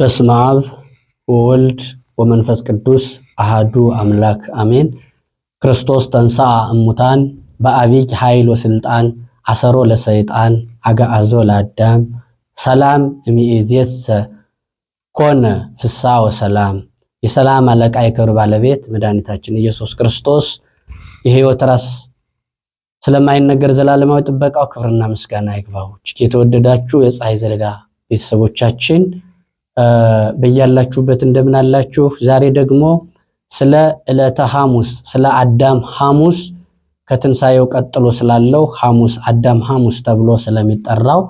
በስመ አብ ወወልድ ወመንፈስ ቅዱስ አሃዱ አምላክ አሜን። ክርስቶስ ተንሳ እሙታን በአቢይ ኃይል ወስልጣን አሰሮ ለሰይጣን አጋአዞ ለአዳም ሰላም እሚእዜሰ ኮነ ፍሳ ወሰላም። የሰላም አለቃ የክብር ባለቤት መድኃኒታችን ኢየሱስ ክርስቶስ የሕይወት ራስ ስለማይነገር ዘላለማዊ ጥበቃው ክብርና ምስጋና ይግባው። እጅግ የተወደዳችሁ የፀሐይ ዘለዳ ቤተሰቦቻችን በያላችሁበት እንደምን አላችሁ? ዛሬ ደግሞ ስለ ዕለተ ሐሙስ ስለ አዳም ሐሙስ ከትንሣኤው ቀጥሎ ስላለው ሐሙስ አዳም ሐሙስ ተብሎ ስለሚጠራው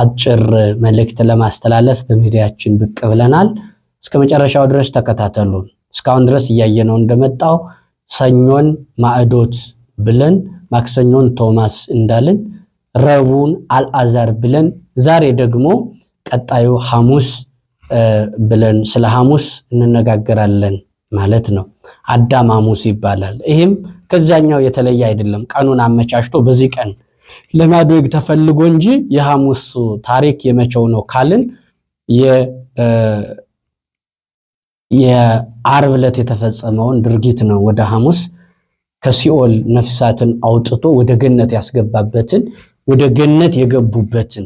አጭር መልእክት ለማስተላለፍ በሚዲያችን ብቅ ብለናል። እስከ መጨረሻው ድረስ ተከታተሉ እስካሁን ድረስ እያየነው እንደመጣው ሰኞን ማዕዶት ብለን ማክሰኞን ቶማስ እንዳልን፣ ረቡን አልአዛር ብለን ዛሬ ደግሞ ቀጣዩ ሐሙስ ብለን ስለ ሐሙስ እንነጋገራለን ማለት ነው። አዳም ሐሙስ ይባላል። ይህም ከዛኛው የተለየ አይደለም። ቀኑን አመቻችቶ በዚህ ቀን ለማድረግ ተፈልጎ እንጂ የሐሙስ ታሪክ የመቼው ነው ካልን የዓርብ ዕለት የተፈጸመውን ድርጊት ነው ወደ ሐሙስ ከሲኦል ነፍሳትን አውጥቶ ወደ ገነት ያስገባበትን ወደ ገነት የገቡበትን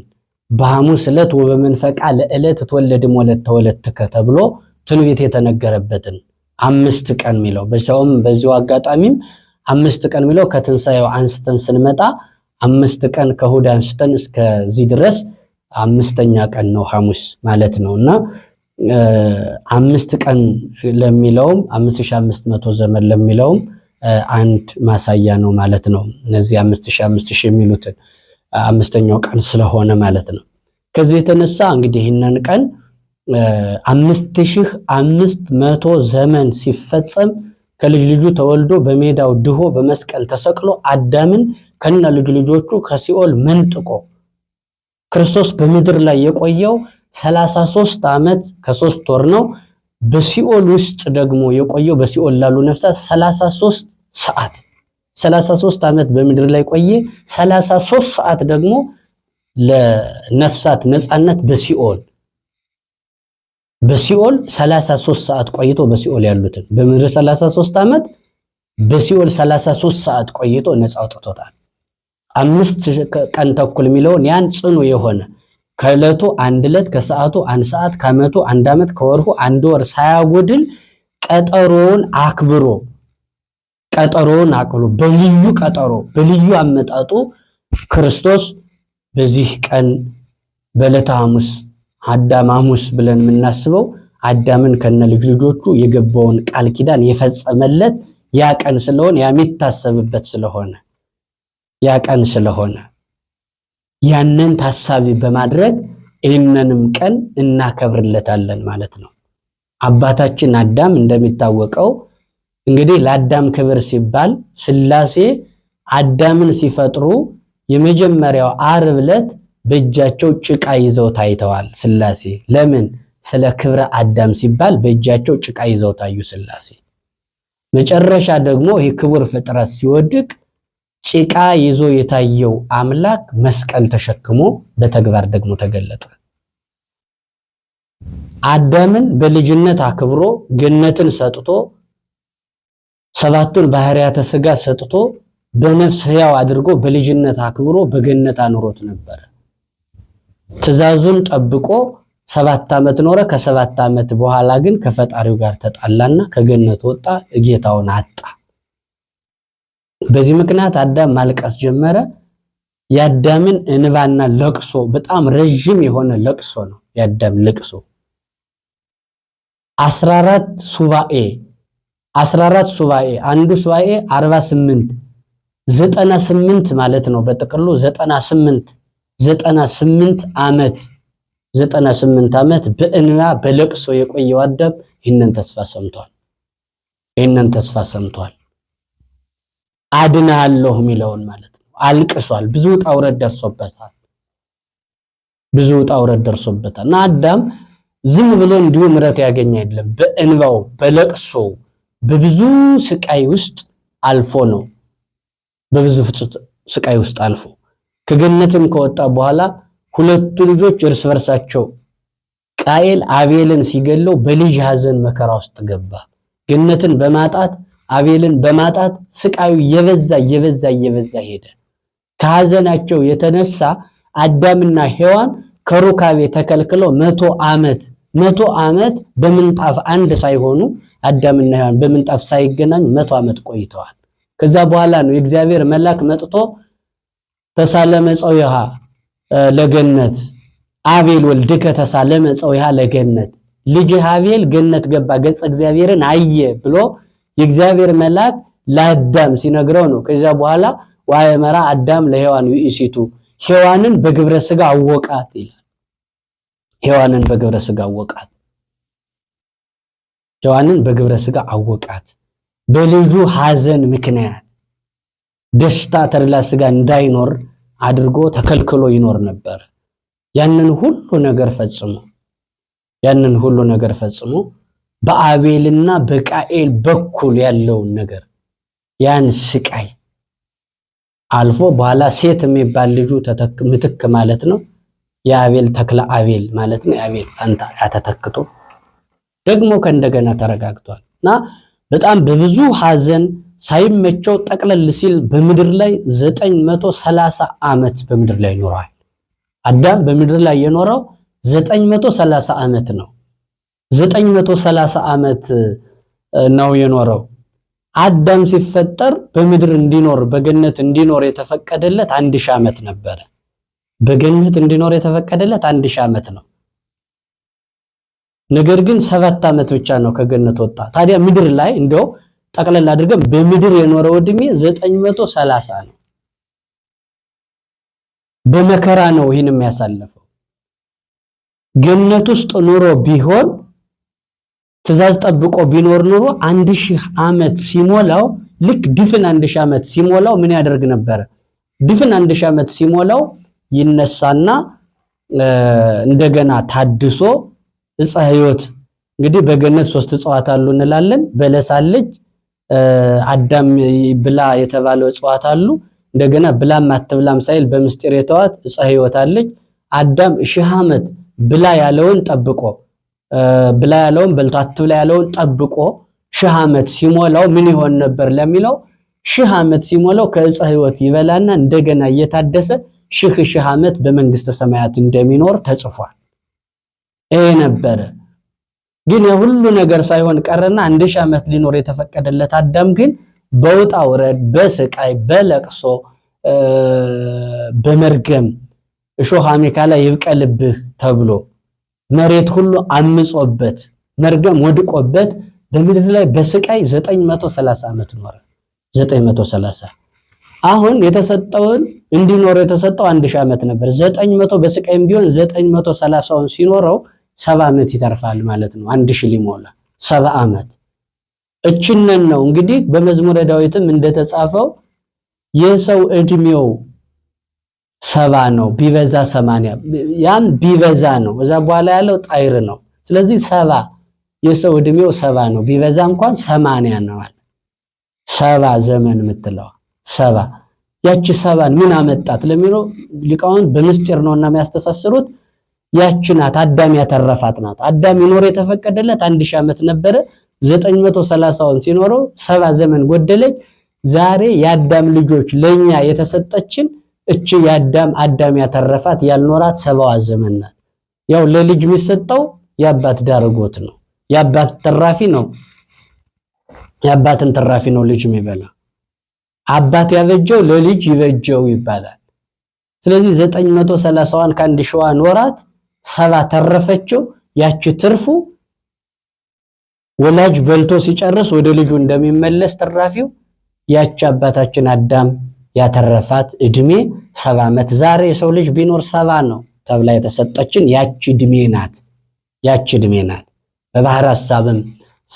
በሐሙስ ዕለት ወበመንፈቃ ለዕለት ተወለድም ወለት ተወለትከ ተብሎ ትንቢት የተነገረበትን አምስት ቀን ሚለው በዚያውም በዚሁ አጋጣሚም አምስት ቀን ሚለው ከትንሣኤው አንስተን ስንመጣ አምስት ቀን ከእሑድ አንስተን እስከዚህ ድረስ አምስተኛ ቀን ነው ሐሙስ ማለት ነው እና አምስት ቀን ለሚለውም አምስት ሺህ አምስት መቶ ዘመን ለሚለውም አንድ ማሳያ ነው ማለት ነው። እነዚህ አምስት ሺህ አምስት ሺህ የሚሉትን አምስተኛው ቀን ስለሆነ ማለት ነው። ከዚህ የተነሳ እንግዲህ ይህንን ቀን አምስት ሺህ አምስት መቶ ዘመን ሲፈጸም ከልጅ ልጁ ተወልዶ በሜዳው ድሆ በመስቀል ተሰቅሎ አዳምን ከነ ልጅ ልጆቹ ከሲኦል መንጥቆ ክርስቶስ በምድር ላይ የቆየው 33 ዓመት ከሶስት ወር ነው። በሲኦል ውስጥ ደግሞ የቆየው በሲኦል ላሉ ነፍሳት 33 ሰዓት 33 ዓመት በምድር ላይ ቆየ። 33 ሰዓት ደግሞ ለነፍሳት ነፃነት በሲኦል በሲኦል 33 ሰዓት ቆይቶ በሲኦል ያሉትን በምድር 33 ዓመት በሲኦል 33 ሰዓት ቆይቶ ነፃ አውጥቶታል። አምስት ቀን ተኩል የሚለውን ያን ጽኑ የሆነ ከእለቱ አንድ ዕለት ከሰዓቱ አንድ ሰዓት ከዓመቱ አንድ ዓመት ከወርሁ አንድ ወር ሳያጎድል ቀጠሮውን አክብሮ ቀጠሮውን አቅሎ በልዩ ቀጠሮ በልዩ አመጣጡ ክርስቶስ በዚህ ቀን በዕለተ ሐሙስ አዳም ሐሙስ ብለን የምናስበው አዳምን ከነ ልጅ ልጆቹ የገባውን ቃል ኪዳን የፈጸመለት ያ ቀን ስለሆነ የሚታሰብበት ስለሆነ ያ ቀን ስለሆነ ያንን ታሳቢ በማድረግ ይህንንም ቀን እናከብርለታለን ማለት ነው። አባታችን አዳም እንደሚታወቀው እንግዲህ ለአዳም ክብር ሲባል ስላሴ አዳምን ሲፈጥሩ የመጀመሪያው ዓርብ ዕለት በእጃቸው ጭቃ ይዘው ታይተዋል። ስላሴ ለምን? ስለ ክብረ አዳም ሲባል በእጃቸው ጭቃ ይዘው ታዩ ስላሴ መጨረሻ ደግሞ ይህ ክቡር ፍጥረት ሲወድቅ ጭቃ ይዞ የታየው አምላክ መስቀል ተሸክሞ በተግባር ደግሞ ተገለጠ። አዳምን በልጅነት አክብሮ ገነትን ሰጥቶ ሰባቱን ባህሪያ ስጋ ሰጥቶ በነፍስ ሕያው አድርጎ በልጅነት አክብሮ በገነት አኑሮት ነበረ። ትእዛዙን ጠብቆ ሰባት ዓመት ኖረ። ከሰባት ዓመት በኋላ ግን ከፈጣሪው ጋር ተጣላና ከገነት ወጣ፣ እጌታውን አጣ። በዚህ ምክንያት አዳም ማልቀስ ጀመረ። የአዳምን እንባና ለቅሶ በጣም ረዥም የሆነ ለቅሶ ነው። የአዳም ለቅሶ 14 ሱባኤ 14 ሱባኤ አንዱ ሱባኤ 48 ዘጠና ማለት ነው። በጥቅሉ 98 98 አመት ስምንት ዓመት ዘጠና ዓመት በእንባ በለቅሶ የቆየው አዳም ይህንን ተስፋ ሰምቷል። ይህንን ተስፋ ሰምቷል። አድናለሁ የሚለውን ማለት ነው። አልቅሷል። ብዙ ውጣ ውረድ ደርሶበታል። ብዙ ውጣ ውረድ ደርሶበታል እና አዳም ዝም ብሎ እንዲሁ ምረት ያገኝ አይደለም። በእንባው በለቅሶ በብዙ ስቃይ ውስጥ አልፎ ነው። በብዙ ስቃይ ውስጥ አልፎ ከገነትም ከወጣ በኋላ ሁለቱ ልጆች እርስ በርሳቸው ቃኤል አቤልን ሲገለው በልጅ ሐዘን መከራ ውስጥ ገባ። ገነትን በማጣት አቤልን በማጣት ስቃዩ የበዛ የበዛ የበዛ ሄደ። ከሐዘናቸው የተነሳ አዳምና ሔዋን ከሩካቤ ተከልክለው መቶ ዓመት መቶ ዓመት በምንጣፍ አንድ ሳይሆኑ አዳምና ሔዋን በምንጣፍ ሳይገናኝ መቶ ዓመት ቆይተዋል። ከዛ በኋላ ነው የእግዚአብሔር መልአክ መጥቶ ተሳለመ ጸዊሃ ለገነት አቤል ወልድከ ተሳለመ ጸዊሃ ለገነት ልጅ አቤል ገነት ገባ ገጸ እግዚአብሔርን አየ ብሎ የእግዚአብሔር መልአክ ለአዳም ሲነግረው ነው። ከዛ በኋላ ወአእመራ አዳም ለሔዋን ውእሲቱ ሔዋንን በግብረ ስጋ አወቃት ይላል። ሔዋንን በግብረ ስጋ አወቃት። ሔዋንን በግብረ ስጋ አወቃት። በልጁ ሐዘን ምክንያት ደስታ ተድላ ስጋ እንዳይኖር አድርጎ ተከልክሎ ይኖር ነበር ያንን ሁሉ ነገር ፈጽሞ ያንን ሁሉ ነገር ፈጽሞ በአቤልና በቃኤል በኩል ያለውን ነገር ያን ስቃይ አልፎ በኋላ ሴት የሚባል ልጁ ምትክ ማለት ነው የአቤል ተክለ አቤል ማለት ነው። የአቤል ፋንታ ያተተክቶ ደግሞ ከእንደገና ተረጋግቷል እና በጣም በብዙ ሐዘን ሳይመቸው ጠቅለል ሲል በምድር ላይ ዘጠኝ መቶ ሰላሳ ዓመት በምድር ላይ ኖረዋል። አዳም በምድር ላይ የኖረው ዘጠኝ መቶ ሰላሳ ዓመት ነው። ዘጠኝ መቶ ሰላሳ ዓመት ነው የኖረው። አዳም ሲፈጠር በምድር እንዲኖር በገነት እንዲኖር የተፈቀደለት አንድ ሺህ ዓመት ነበረ። በገነት እንዲኖር የተፈቀደለት አንድ ሺህ ዓመት ነው። ነገር ግን ሰባት ዓመት ብቻ ነው ከገነት ወጣ። ታዲያ ምድር ላይ እንደው ጠቅለል አድርገን በምድር የኖረው እድሜ ዘጠኝ መቶ ሰላሳ ነው። በመከራ ነው ይህንም የሚያሳለፈው ገነት ውስጥ ኑሮ ቢሆን ትእዛዝ ጠብቆ ቢኖር ኑሮ አንድ ሺህ ዓመት ሲሞላው ልክ ድፍን አንድ ሺህ ዓመት ሲሞላው ምን ያደርግ ነበረ? ድፍን አንድ ሺህ ዓመት ሲሞላው ይነሳና እንደገና ታድሶ እፀ ሕይወት እንግዲህ በገነት ሶስት እጽዋት አሉ እንላለን። በለስ አለች፣ አዳም ብላ የተባለው እጽዋት አሉ። እንደገና ብላም አትብላም ሳይል በምስጢር የተዋት እፀ ሕይወት አለች። አዳም ሺህ ዓመት ብላ ያለውን ጠብቆ ብላ ያለውን በልቶ አትብላ ያለውን ጠብቆ ሺህ ዓመት ሲሞላው ምን ይሆን ነበር ለሚለው ሺህ ዓመት ሲሞላው ከእፀ ሕይወት ይበላና እንደገና እየታደሰ ሺህ ሺህ ዓመት በመንግስተ ሰማያት እንደሚኖር ተጽፏል። ይሄ ነበረ። ግን የሁሉ ነገር ሳይሆን ቀረና አንድ ሺህ ዓመት ሊኖር የተፈቀደለት አዳም ግን በውጣ ውረድ፣ በስቃይ፣ በለቅሶ፣ በመርገም እሾህ አሜከላ ይብቀልብህ ተብሎ መሬት ሁሉ አምጾበት መርገም ወድቆበት በምድር ላይ በስቃይ 930 ዓመት ኖረ። 930 አሁን የተሰጠውን እንዲኖረው የተሰጠው አንድ ሺህ ዓመት ነበር። ዘጠኝ መቶ በስቃይም ቢሆን ዘጠኝ መቶ ሰላሳውን ሲኖረው ሰባ ዓመት ይተርፋል ማለት ነው። አንድ ሺህ ሊሞላ ሰባ ዓመት እችነን ነው እንግዲህ በመዝሙረ ዳዊትም እንደተጻፈው የሰው እድሜው ሰባ ነው ቢበዛ ሰማንያ ያም ቢበዛ ነው። እዛ በኋላ ያለው ጣይር ነው። ስለዚህ ሰባ የሰው እድሜው ሰባ ነው ቢበዛ እንኳን ሰማንያ ነው ሰባ ዘመን የምትለዋ ሰባ ያቺ ሰባን ምን አመጣት ለሚለው ሊቃውን በምስጢር ነውና የሚያስተሳስሩት ያቺ ናት። አዳም ያተረፋት ናት። አዳም ይኖር የተፈቀደለት አንድ ሺህ ዓመት ነበረ። ዘጠኝ መቶ ሰላሳውን ሲኖረው ሰባ ዘመን ጎደለች። ዛሬ የአዳም ልጆች ለኛ የተሰጠችን እቺ የአዳም አዳም ያተረፋት ያልኖራት ሰባዋ ዘመን ናት። ያው ለልጅ የሚሰጠው የአባት ዳርጎት ነው። የአባት ትራፊ ነው። የአባትን ትራፊ ነው ልጅ የሚበላ አባት ያበጀው ለልጅ ይበጀው ይባላል። ስለዚህ ዘጠኝ መቶ ሰላሳዋን ከአንድ ሸዋ ኖራት ሰባ ተረፈችው። ያቺ ትርፉ ወላጅ በልቶ ሲጨርስ ወደ ልጁ እንደሚመለስ ትራፊው ያቺ አባታችን አዳም ያተረፋት እድሜ ሰባ ዓመት። ዛሬ የሰው ልጅ ቢኖር ሰባ ነው ተብላ የተሰጠችን ያቺ እድሜ ናት። ያቺ እድሜ ናት። በባህር ሐሳብም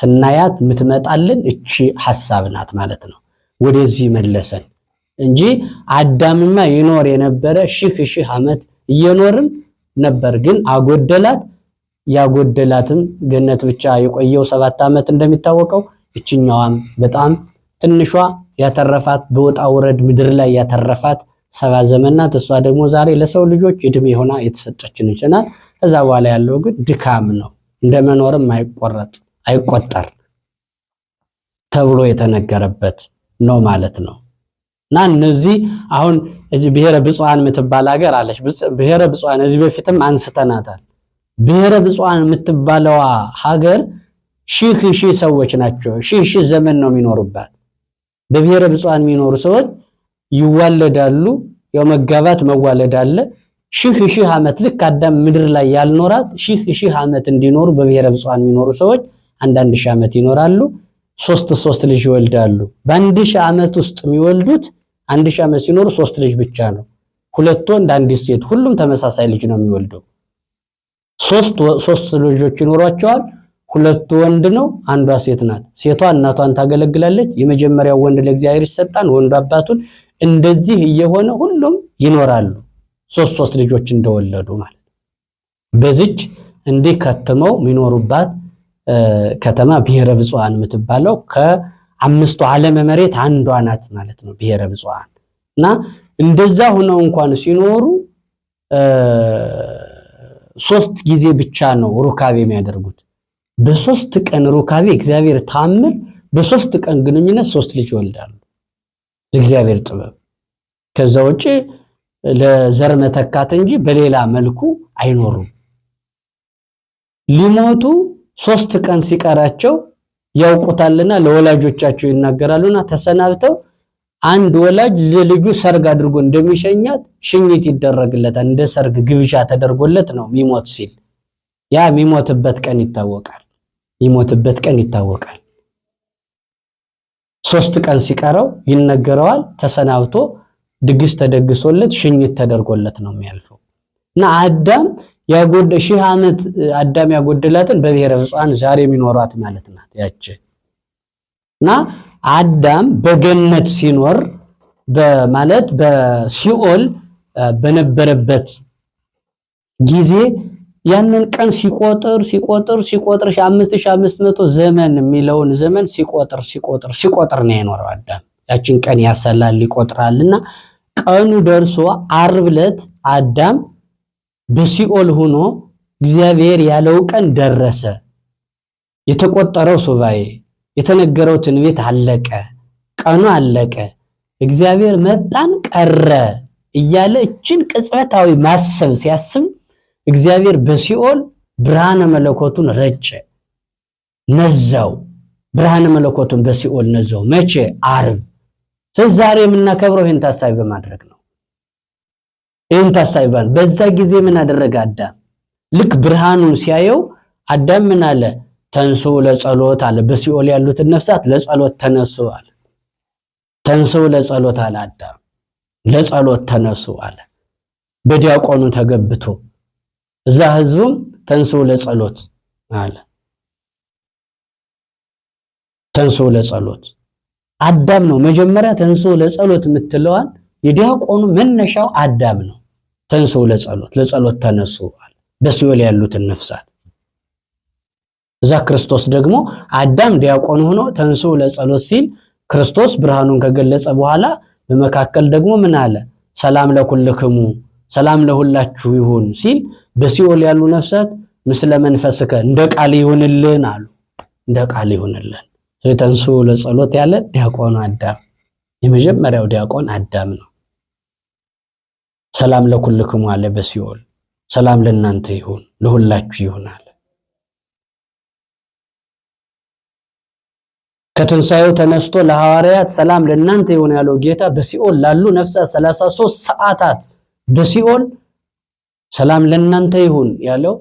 ስናያት የምትመጣልን እቺ ሐሳብ ናት ማለት ነው። ወደዚህ መለሰን እንጂ አዳምማ ይኖር የነበረ ሺህ ሺህ ዓመት እየኖርን ነበር። ግን አጎደላት። ያጎደላትም ገነት ብቻ የቆየው ሰባት ዓመት እንደሚታወቀው፣ ይችኛዋም በጣም ትንሿ ያተረፋት በወጣ ውረድ ምድር ላይ ያተረፋት ሰባ ዘመን ናት። እሷ ደግሞ ዛሬ ለሰው ልጆች እድሜ ሆና የተሰጠችን ናት። ከዛ በኋላ ያለው ግን ድካም ነው፣ እንደመኖርም አይቆረጥ አይቆጠር ተብሎ የተነገረበት ነው ማለት ነው። እና እነዚህ አሁን ብሔረ ብፁዓን የምትባል ሀገር አለች። ብሔረ ብፁዓን እዚህ በፊትም አንስተናታል። ብሔረ ብፁዓን የምትባለዋ ሀገር ሺህ ሺህ ሰዎች ናቸው። ሺህ ሺህ ዘመን ነው የሚኖሩባት። በብሔረ ብፁዓን የሚኖሩ ሰዎች ይዋለዳሉ። የመጋባት መጋባት መዋለድ አለ። ሺህ ሺህ ዓመት ልክ አዳም ምድር ላይ ያልኖራት ሺህ ሺህ ዓመት እንዲኖሩ በብሔረ ብፁዓን የሚኖሩ ሰዎች አንዳንድ ሺህ ዓመት ይኖራሉ። ሶስት ሶስት ልጅ ይወልዳሉ። በአንድ ሺህ ዓመት ውስጥ የሚወልዱት አንድ ሺህ ዓመት ሲኖሩ ሶስት ልጅ ብቻ ነው። ሁለት ወንድ፣ አንዲት ሴት። ሁሉም ተመሳሳይ ልጅ ነው የሚወልደው። ሶስት ሶስት ልጆች ይኖሯቸዋል። ሁለቱ ወንድ ነው፣ አንዷ ሴት ናት። ሴቷ እናቷን ታገለግላለች። የመጀመሪያው ወንድ ለእግዚአብሔር ይሰጣል፣ ወንዱ አባቱን። እንደዚህ እየሆነ ሁሉም ይኖራሉ። ሶስት ሶስት ልጆች እንደወለዱ ማለት በዚች እንዲህ ከትመው የሚኖሩባት ከተማ ብሔረ ብፁዓን የምትባለው ከአምስቱ ዓለም መሬት አንዷ ናት ማለት ነው። ብሔረ ብፁዓን እና እንደዛ ሆነው እንኳን ሲኖሩ ሶስት ጊዜ ብቻ ነው ሩካቤ የሚያደርጉት። በሶስት ቀን ሩካቤ እግዚአብሔር ታምር፣ በሶስት ቀን ግንኙነት ሶስት ልጅ ይወልዳሉ። እግዚአብሔር ጥበብ ከዛ ውጭ ለዘር መተካት እንጂ በሌላ መልኩ አይኖሩም ሊሞቱ ሶስት ቀን ሲቀራቸው ያውቁታልና ለወላጆቻቸው ይናገራሉና ተሰናብተው አንድ ወላጅ ለልጁ ሰርግ አድርጎ እንደሚሸኛት ሽኝት ይደረግለታል። እንደ ሰርግ ግብዣ ተደርጎለት ነው ሚሞት ሲል ያ ሚሞትበት ቀን ይታወቃል። ሚሞትበት ቀን ይታወቃል። ሶስት ቀን ሲቀረው ይነገረዋል። ተሰናብቶ ድግስ ተደግሶለት ሽኝት ተደርጎለት ነው የሚያልፈው እና አዳም ሺህ ዓመት አዳም ያጎደላትን በብሔረ ፍጹሐን ዛሬ የሚኖሯት ማለት ናት። ያች እና አዳም በገነት ሲኖር በማለት በሲኦል በነበረበት ጊዜ ያንን ቀን ሲቆጥር ሲቆጥር ሲቆጥር 5500 ዘመን የሚለውን ዘመን ሲቆጥር ሲቆጥር ሲቆጥር ነው የኖረው አዳም። ያችን ቀን ያሰላል ይቆጥራልና ቀኑ ደርሶ ዓርብ ዕለት አዳም በሲኦል ሆኖ እግዚአብሔር ያለው ቀን ደረሰ። የተቆጠረው ሱባኤ የተነገረው ትንቢት አለቀ፣ ቀኑ አለቀ። እግዚአብሔር መጣን ቀረ እያለ እችን ቅጽበታዊ ማሰብ ሲያስብ እግዚአብሔር በሲኦል ብርሃነ መለኮቱን ረጨ፣ ነዛው። ብርሃነ መለኮቱን በሲኦል ነዛው። መቼ? ዓርብ። ስለዚህ ዛሬ የምናከብረው ይህን ታሳቢ በማድረግ ነው። ይህን ታሳቢ ባል በዛ ጊዜ ምን አደረገ አዳም? ልክ ብርሃኑን ሲያየው አዳም ምን አለ? ተንሶ ለጸሎት አለ። በሲኦል ያሉትን ነፍሳት ለጸሎት ተነሱ አለ። ተንሶ ለጸሎት አለ። አዳም ለጸሎት ተነሱ አለ። በዲያቆኑ ተገብቶ እዛ ህዝቡም ተንሶ ለጸሎት አለ። ተንሶ ለጸሎት አዳም ነው መጀመሪያ ተንሶ ለጸሎት የምትለዋል የዲያቆኑ መነሻው አዳም ነው። ተንሶ ለጸሎት ለጸሎት ተነሱ አለ በሲኦል ያሉትን ነፍሳት። እዛ ክርስቶስ ደግሞ አዳም ዲያቆን ሆኖ ተንሶ ለጸሎት ሲል ክርስቶስ ብርሃኑን ከገለጸ በኋላ በመካከል ደግሞ ምን አለ? ሰላም ለኩልክሙ ሰላም ለሁላችሁ ይሁን ሲል በሲኦል ያሉ ነፍሳት ምስለ መንፈስከ እንደ ቃል ይሁንልን አሉ። እንደ ቃል ይሁንልን። ተንሱ ለጸሎት ያለ ዲያቆኑ አዳም የመጀመሪያው ዲያቆን አዳም ነው። ሰላም ለኩልክሙ አለ በሲኦል ሰላም ለእናንተ ይሁን ለሁላችሁ ይሆናል አለ። ከትንሣኤው ተነስቶ ለሐዋርያት ሰላም ለእናንተ ይሁን ያለው ጌታ በሲኦል ላሉ ነፍሳት ሰላሳ ሦስት ሰዓታት በሲኦል ሰላም ለእናንተ ይሁን ያለው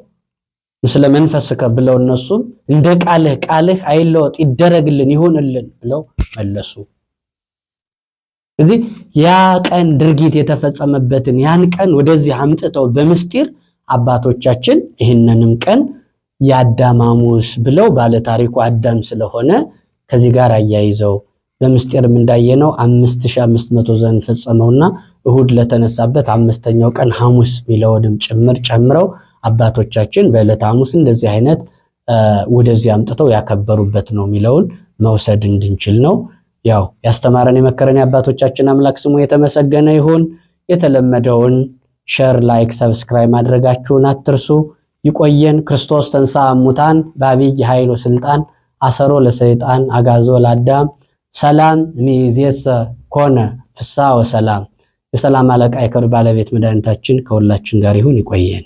ምስለ መንፈስከ ብለው እነሱም እንደ ቃልህ ቃልህ አይለወጥ ይደረግልን ይሁንልን ብለው መለሱ። ስለዚህ ያ ቀን ድርጊት የተፈጸመበትን ያን ቀን ወደዚህ አምጥተው በምስጢር አባቶቻችን ይህንንም ቀን የአዳም ሐሙስ ብለው ባለታሪኩ አዳም ስለሆነ ከዚህ ጋር አያይዘው በምስጢርም እንዳየነው አምስት ሺህ ዘመን ፈጸመውና እሁድ ለተነሳበት አምስተኛው ቀን ሐሙስ ሚለውንም ጭምር ጨምረው አባቶቻችን በዕለት ሐሙስ እንደዚህ አይነት ወደዚህ አምጥተው ያከበሩበት ነው ሚለውን መውሰድ እንድንችል ነው። ያው ያስተማረን የመከረን የአባቶቻችን አምላክ ስሙ የተመሰገነ ይሁን። የተለመደውን ሸር፣ ላይክ፣ ሰብስክራይብ ማድረጋችሁን አትርሱ። ይቆየን። ክርስቶስ ተንሳ እሙታን በዐቢይ ኃይሎ ስልጣን አሰሮ ለሰይጣን አጋዞ ለአዳም ሰላም ሚዜሰ ኮነ ፍሳ ወሰላም። የሰላም አለቃ የክብር ባለቤት መድኃኒታችን ከሁላችን ጋር ይሁን። ይቆየን።